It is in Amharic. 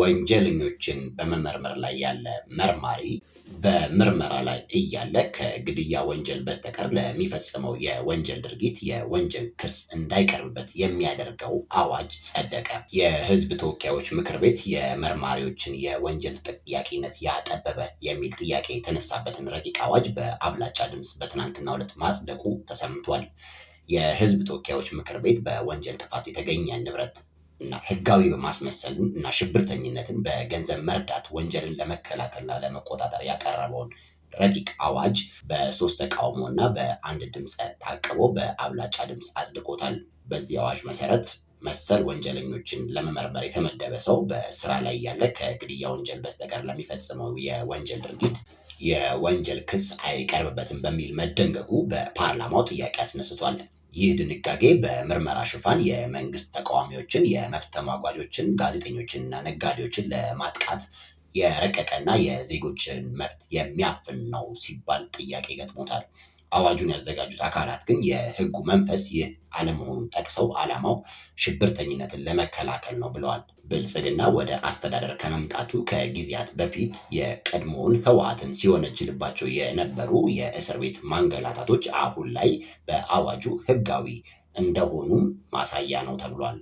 ወንጀለኞችን በመመርመር ላይ ያለ መርማሪ በምርመራ ላይ እያለ ከግድያ ወንጀል በስተቀር ለሚፈጽመው የወንጀል ድርጊት የወንጀል ክስ እንዳይቀርብበት የሚያደርገው አዋጅ ጸደቀ። የሕዝብ ተወካዮች ምክር ቤት የመርማሪዎችን የወንጀል ተጠያቂነት ያጠበበ የሚል ጥያቄ የተነሳበትን ረቂቅ አዋጅ በአብላጫ ድምፅ በትናንትናው ዕለት ማጽደቁ ተሰምቷል። የሕዝብ ተወካዮች ምክር ቤት በወንጀል ጥፋት የተገኘ ንብረት እና ህጋዊ በማስመሰልም እና ሽብርተኝነትን በገንዘብ መርዳት ወንጀልን ለመከላከልና ለመቆጣጠር ያቀረበውን ረቂቅ አዋጅ በሶስት ተቃውሞ እና በአንድ ድምፅ ታቅቦ በአብላጫ ድምፅ አጽድቆታል። በዚህ አዋጅ መሰረት መሰል ወንጀለኞችን ለመመርመር የተመደበ ሰው በስራ ላይ ያለ ከግድያ ወንጀል በስተቀር ለሚፈጽመው የወንጀል ድርጊት የወንጀል ክስ አይቀርብበትም በሚል መደንገጉ በፓርላማው ጥያቄ አስነስቷል። ይህ ድንጋጌ በምርመራ ሽፋን የመንግስት ተቃዋሚዎችን፣ የመብት ተሟጓጆችን፣ ጋዜጠኞችንና ነጋዴዎችን ለማጥቃት የረቀቀና የዜጎችን መብት የሚያፍን ነው ሲባል ጥያቄ ገጥሞታል። አዋጁን ያዘጋጁት አካላት ግን የህጉ መንፈስ ይህ አለመሆኑን ጠቅሰው ዓላማው ሽብርተኝነትን ለመከላከል ነው ብለዋል። ብልጽግና ወደ አስተዳደር ከመምጣቱ ከጊዜያት በፊት የቀድሞውን ህወሓትን ሲወነጅልባቸው የነበሩ የእስር ቤት ማንገላታቶች አሁን ላይ በአዋጁ ህጋዊ እንደሆኑ ማሳያ ነው ተብሏል።